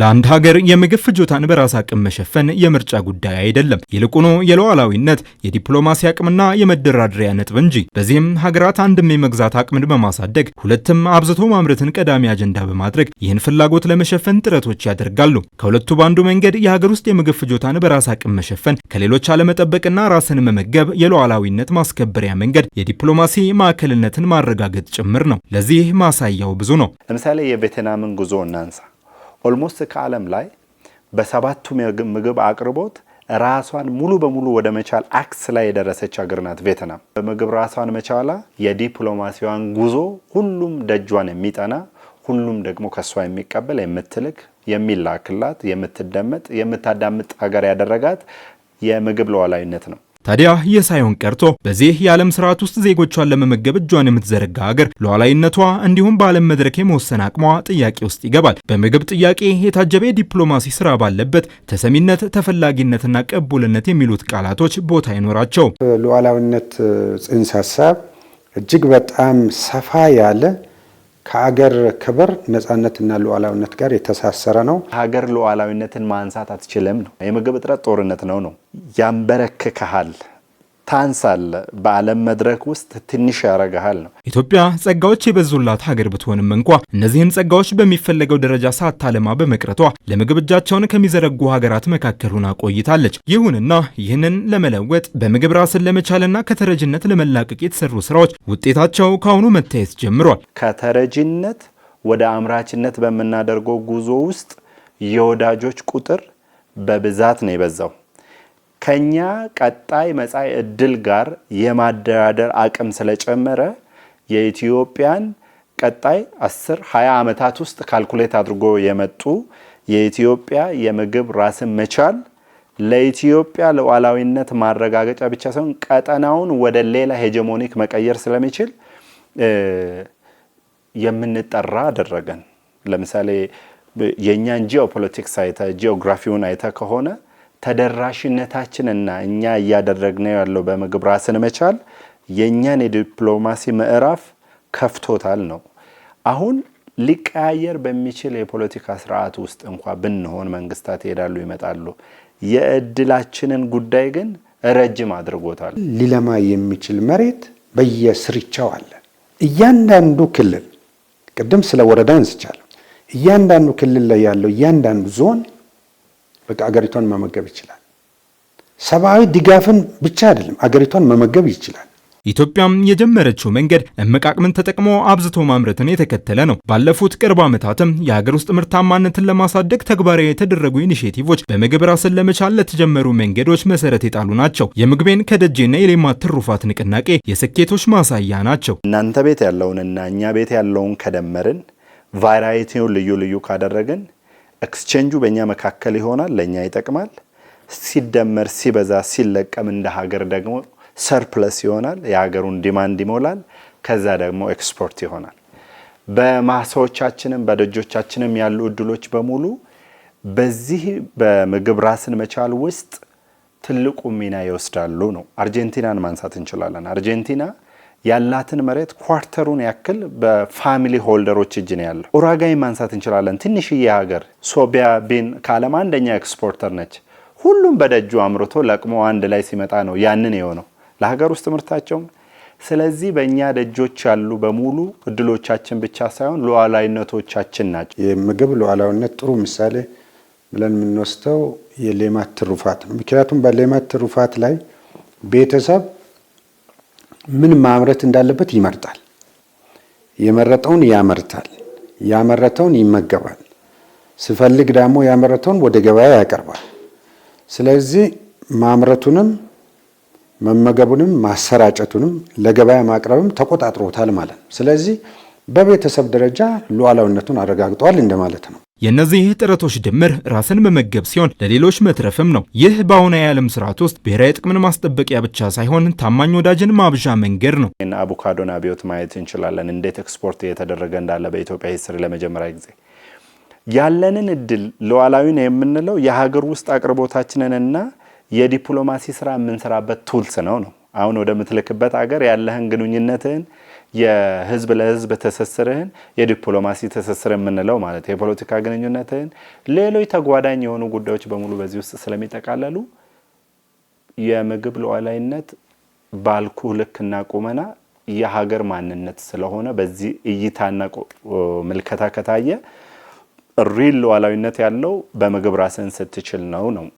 ለአንድ ሀገር የምግብ ፍጆታን በራስ አቅም መሸፈን የምርጫ ጉዳይ አይደለም። ይልቁኑ የሉዓላዊነት፣ የዲፕሎማሲ አቅምና የመደራደሪያ ነጥብ እንጂ። በዚህም ሀገራት አንድም የመግዛት አቅምን በማሳደግ ሁለትም አብዝቶ ማምረትን ቀዳሚ አጀንዳ በማድረግ ይህን ፍላጎት ለመሸፈን ጥረቶች ያደርጋሉ። ከሁለቱ በአንዱ መንገድ የሀገር ውስጥ የምግብ ፍጆታን በራስ አቅም መሸፈን ከሌሎች አለመጠበቅና ራስን መመገብ የሉዓላዊነት ማስከበሪያ መንገድ፣ የዲፕሎማሲ ማዕከልነትን ማረጋገጥ ጭምር ነው። ለዚህ ማሳያው ብዙ ነው። ለምሳሌ የቬትናምን ጉዞ እናንሳ። ኦልሞስት ከዓለም ላይ በሰባቱ ምግብ አቅርቦት ራሷን ሙሉ በሙሉ ወደ መቻል አክስ ላይ የደረሰች ሀገር ናት ቬትናም። በምግብ ራሷን መቻላ የዲፕሎማሲዋን ጉዞ ሁሉም ደጇን የሚጠና ሁሉም ደግሞ ከሷ የሚቀበል የምትልክ የሚላክላት የምትደመጥ የምታዳምጥ ሀገር ያደረጋት የምግብ ሉዓላዊነት ነው። ታዲያ ይህ ሳይሆን ቀርቶ በዚህ የዓለም ስርዓት ውስጥ ዜጎቿን ለመመገብ እጇን የምትዘረጋ ሀገር ሉዓላዊነቷ እንዲሁም በዓለም መድረክ የመወሰን አቅሟ ጥያቄ ውስጥ ይገባል። በምግብ ጥያቄ የታጀበ የዲፕሎማሲ ስራ ባለበት ተሰሚነት፣ ተፈላጊነትና ቅቡልነት የሚሉት ቃላቶች ቦታ አይኖራቸው። ሉዓላዊነት ጽንሰ ሀሳብ እጅግ በጣም ሰፋ ያለ ከሀገር ክብር ነፃነትና ሉዓላዊነት ጋር የተሳሰረ ነው። ሀገር ሉዓላዊነትን ማንሳት አትችልም ነው። የምግብ እጥረት ጦርነት ነው ነው ያንበረክክሃል ታንሳለ በዓለም መድረክ ውስጥ ትንሽ ያረጋሃል ነው። ኢትዮጵያ ጸጋዎች የበዙላት ሀገር ብትሆንም እንኳ እነዚህን ጸጋዎች በሚፈለገው ደረጃ ሳታለማ በመቅረቷ ለምግብ እጃቸውን ከሚዘረጉ ሀገራት መካከል ሆና ቆይታለች። ይሁንና ይህንን ለመለወጥ በምግብ ራስን ለመቻልና ከተረጅነት ለመላቀቅ የተሰሩ ስራዎች ውጤታቸው ከአሁኑ መታየት ጀምሯል። ከተረጅነት ወደ አምራችነት በምናደርገው ጉዞ ውስጥ የወዳጆች ቁጥር በብዛት ነው የበዛው። ከኛ ቀጣይ መጻኢ እድል ጋር የማደራደር አቅም ስለጨመረ የኢትዮጵያን ቀጣይ 10 20 ዓመታት ውስጥ ካልኩሌት አድርጎ የመጡ የኢትዮጵያ የምግብ ራስን መቻል ለኢትዮጵያ ሉዓላዊነት ማረጋገጫ ብቻ ሳይሆን ቀጠናውን ወደ ሌላ ሄጀሞኒክ መቀየር ስለሚችል የምንጠራ አደረገን። ለምሳሌ የእኛን ጂኦፖለቲክስ አይተ ጂኦግራፊውን አይተ ከሆነ ተደራሽነታችንና እኛ እያደረግነው ያለው በምግብ ራስን መቻል የእኛን የዲፕሎማሲ ምዕራፍ ከፍቶታል ነው። አሁን ሊቀያየር በሚችል የፖለቲካ ስርዓት ውስጥ እንኳ ብንሆን መንግስታት ይሄዳሉ ይመጣሉ። የእድላችንን ጉዳይ ግን ረጅም አድርጎታል። ሊለማ የሚችል መሬት በየስርቻው አለ። እያንዳንዱ ክልል ቅድም ስለ ወረዳ አንስቻለሁ። እያንዳንዱ ክልል ላይ ያለው እያንዳንዱ ዞን በቃ አገሪቷን መመገብ ይችላል። ሰብአዊ ድጋፍን ብቻ አይደለም አገሪቷን መመገብ ይችላል። ኢትዮጵያም የጀመረችው መንገድ እምቅ አቅምን ተጠቅሞ አብዝቶ ማምረትን የተከተለ ነው። ባለፉት ቅርብ ዓመታትም የሀገር ውስጥ ምርታማነትን ለማሳደግ ተግባራዊ የተደረጉ ኢኒሽቲቮች በምግብ ራስን ለመቻል ለተጀመሩ መንገዶች መሰረት የጣሉ ናቸው። የምግቤን ከደጄና የሌማት ትሩፋት ንቅናቄ የስኬቶች ማሳያ ናቸው። እናንተ ቤት ያለውን እና እኛ ቤት ያለውን ከደመርን ቫራይቲውን ልዩ ልዩ ካደረግን ኤክስቼንጁ በእኛ መካከል ይሆናል፣ ለእኛ ይጠቅማል። ሲደመር ሲበዛ ሲለቀም እንደ ሀገር ደግሞ ሰርፕለስ ይሆናል፣ የሀገሩን ዲማንድ ይሞላል። ከዛ ደግሞ ኤክስፖርት ይሆናል። በማሳዎቻችንም በደጆቻችንም ያሉ እድሎች በሙሉ በዚህ በምግብ ራስን መቻል ውስጥ ትልቁ ሚና ይወስዳሉ ነው። አርጀንቲናን ማንሳት እንችላለን። አርጀንቲና ያላትን መሬት ኳርተሩን ያክል በፋሚሊ ሆልደሮች እጅ ነው ያለው። ኡራጋይ ማንሳት እንችላለን። ትንሽዬ ሀገር ቢን ከዓለም አንደኛ ኤክስፖርተር ነች። ሁሉም በደጁ አምርቶ ለቅሞ አንድ ላይ ሲመጣ ነው ያንን የሆነው ለሀገር ውስጥ ምርታቸውም። ስለዚህ በእኛ ደጆች ያሉ በሙሉ እድሎቻችን ብቻ ሳይሆን ሉዓላዊነቶቻችን ናቸው። የምግብ ሉዓላዊነት ጥሩ ምሳሌ ብለን የምንወስደው የሌማት ትሩፋት ነው። ምክንያቱም በሌማት ትሩፋት ላይ ቤተሰብ ምን ማምረት እንዳለበት ይመርጣል። የመረጠውን ያመርታል። ያመረተውን ይመገባል። ስፈልግ ደግሞ ያመረተውን ወደ ገበያ ያቀርባል። ስለዚህ ማምረቱንም መመገቡንም ማሰራጨቱንም ለገበያ ማቅረብም ተቆጣጥሮታል ማለት ነው። ስለዚህ በቤተሰብ ደረጃ ሉዓላዊነቱን አረጋግጠዋል እንደማለት ነው። የእነዚህ ጥረቶች ድምር ራስን መመገብ ሲሆን ለሌሎች መትረፍም ነው። ይህ በአሁኑ የዓለም ስርዓት ውስጥ ብሔራዊ ጥቅምን ማስጠበቂያ ብቻ ሳይሆን ታማኝ ወዳጅን ማብዣ መንገድ ነው። አቮካዶን አብዮት ማየት እንችላለን። እንዴት ኤክስፖርት እየተደረገ እንዳለ በኢትዮጵያ ሂስትሪ ለመጀመሪያ ጊዜ ያለንን እድል ሉዓላዊ ነው የምንለው የሀገር ውስጥ አቅርቦታችንንና የዲፕሎማሲ ስራ የምንሰራበት ቱልስ ነው ነው አሁን ወደምትልክበት አገር ያለህን ግንኙነትህን የህዝብ ለህዝብ ትስስርህን የዲፕሎማሲ ትስስር የምንለው ማለት የፖለቲካ ግንኙነትህን ሌሎች ተጓዳኝ የሆኑ ጉዳዮች በሙሉ በዚህ ውስጥ ስለሚጠቃለሉ የምግብ ሉዓላዊነት ባልኩ ልክና ቁመና የሀገር ማንነት ስለሆነ በዚህ እይታና ምልከታ ከታየ ሪል ሉዓላዊነት ያለው በምግብ ራስን ስትችል ነው ነው